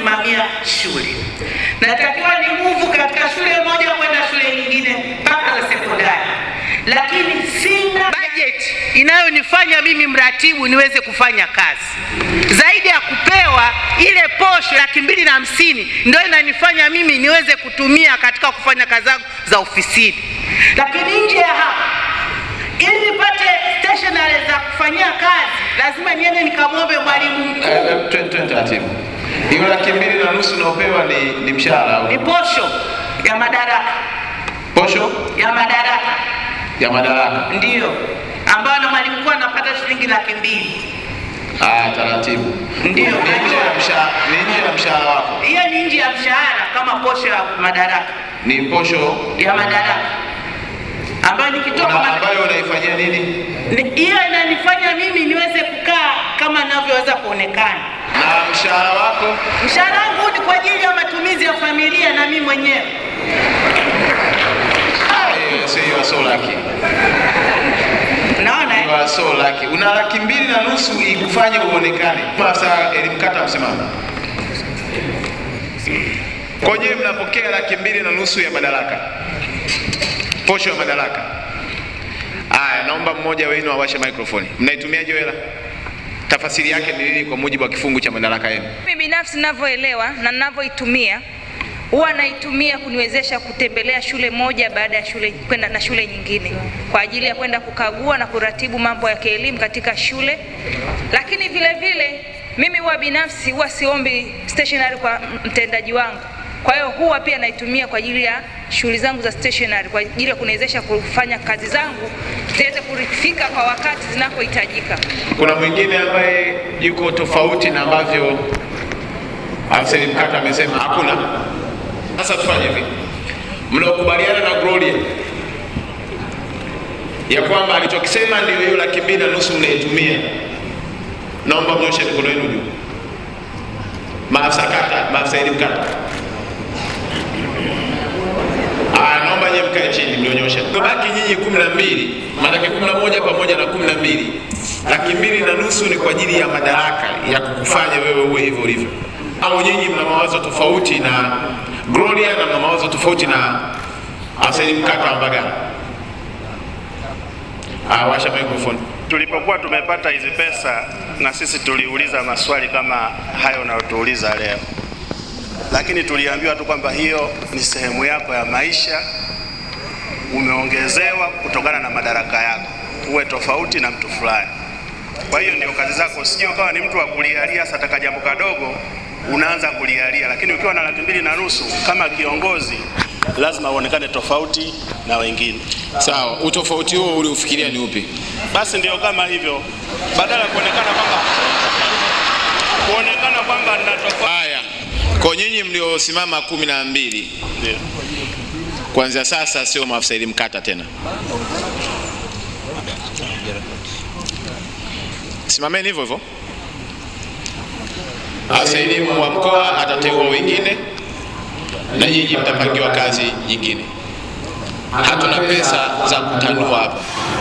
kusimamia shule, natakiwa ni nguvu katika shule moja kwenda shule nyingine mpaka za sekondari, lakini sina budget inayonifanya mimi mratibu niweze kufanya kazi zaidi ya kupewa ile posho laki mbili na hamsini ndio inanifanya mimi niweze kutumia katika kufanya kazi zangu za ofisini, lakini nje ya hapo professional za kufanyia kazi, lazima niende nikamwombe mwalimu mkuu. Eh, eh, taratibu, hiyo laki mbili na nusu unaopewa ni ni mshahara, ni posho ya madaraka, posho ya madaraka, ya madaraka ndiyo ambayo na mwalimu mkuu anapata shilingi laki mbili. Ah, taratibu ndio, ya mshahara, ni nje ya mshahara wako. Hiyo ni nje ya mshahara kama posho ya madaraka, ni posho ya madaraka ambayo nikitoka ambayo unaifanyia nini? Hiyo inanifanya mimi niweze kukaa kama navyoweza kuonekana. Na mshahara wako? Mshahara wangu ni kwa ajili ya matumizi ya familia na mimi mwenyewe. Ah, Naona so eh? una laki mbili na nusu ikufanye uonekane sasa. Elimkata msimamo kwenyewe, mnapokea laki mbili na nusu ya madaraka posho ya madaraka aya. Naomba mmoja wenu awashe microphone. Mnaitumiaje hela? Tafasiri yake ni nini kwa mujibu wa kifungu cha madaraka yenu? Mimi binafsi ninavyoelewa na ninavyoitumia huwa naitumia kuniwezesha kutembelea shule moja baada ya shule kwenda na shule nyingine kwa ajili ya kwenda kukagua na kuratibu mambo ya kielimu katika shule, lakini vile vile mimi huwa binafsi huwa siombi stationery kwa mtendaji wangu kwa hiyo huwa pia naitumia kwa ajili ya shughuli zangu za stationary, kwa ajili ya kuniwezesha kufanya kazi zangu ziweze kufika kwa wakati zinakohitajika. Kuna mwingine ambaye yuko tofauti na ambavyo afisa mkata amesema hakuna. Sasa tufanye hivi, mnaokubaliana na Gloria ya kwamba alichokisema ndio hiyo laki mbili na nusu mnaitumia, naomba mnyoshe mikono yenu juu. Maafisa kata, maafisa mkata kabaki nyinyi kumi na mbili, maanake kumi na moja pamoja na kumi na mbili, laki mbili na nusu ni kwa ajili ya madaraka ya kukufanya wewe uwe hivyo ulivyo. Au nyinyi mna mawazo tofauti na Gloria na mna mawazo tofauti na Asaidi Mkata Mbagala? Ah, washa mikrofoni Tulipokuwa tumepata hizi pesa, na sisi tuliuliza maswali kama hayo unayotuuliza leo, lakini tuliambiwa tu kwamba hiyo ni sehemu yako ya maisha umeongezewa kutokana na madaraka yako, uwe tofauti na mtu fulani. Kwa hiyo ndio kazi zako, sio kama ni mtu wa kulialia sasa, jambo kadogo unaanza kulialia. Lakini ukiwa na laki mbili na nusu kama kiongozi, lazima uonekane tofauti na wengine. Sawa, utofauti huo uliofikiria ni upi? Basi ndio kama hivyo, badala ya kuonekana kwamba kuonekana kwamba tofauti. haya, kwa nyinyi mliosimama kumi na mbili yeah. Kuanzia sasa sio maafisa elimu kata tena. Simameni hivyo hivyo. Afisa elimu wa mkoa atateua wengine na nyinyi mtapangiwa kazi nyingine. Hatuna pesa za kutanua hapa.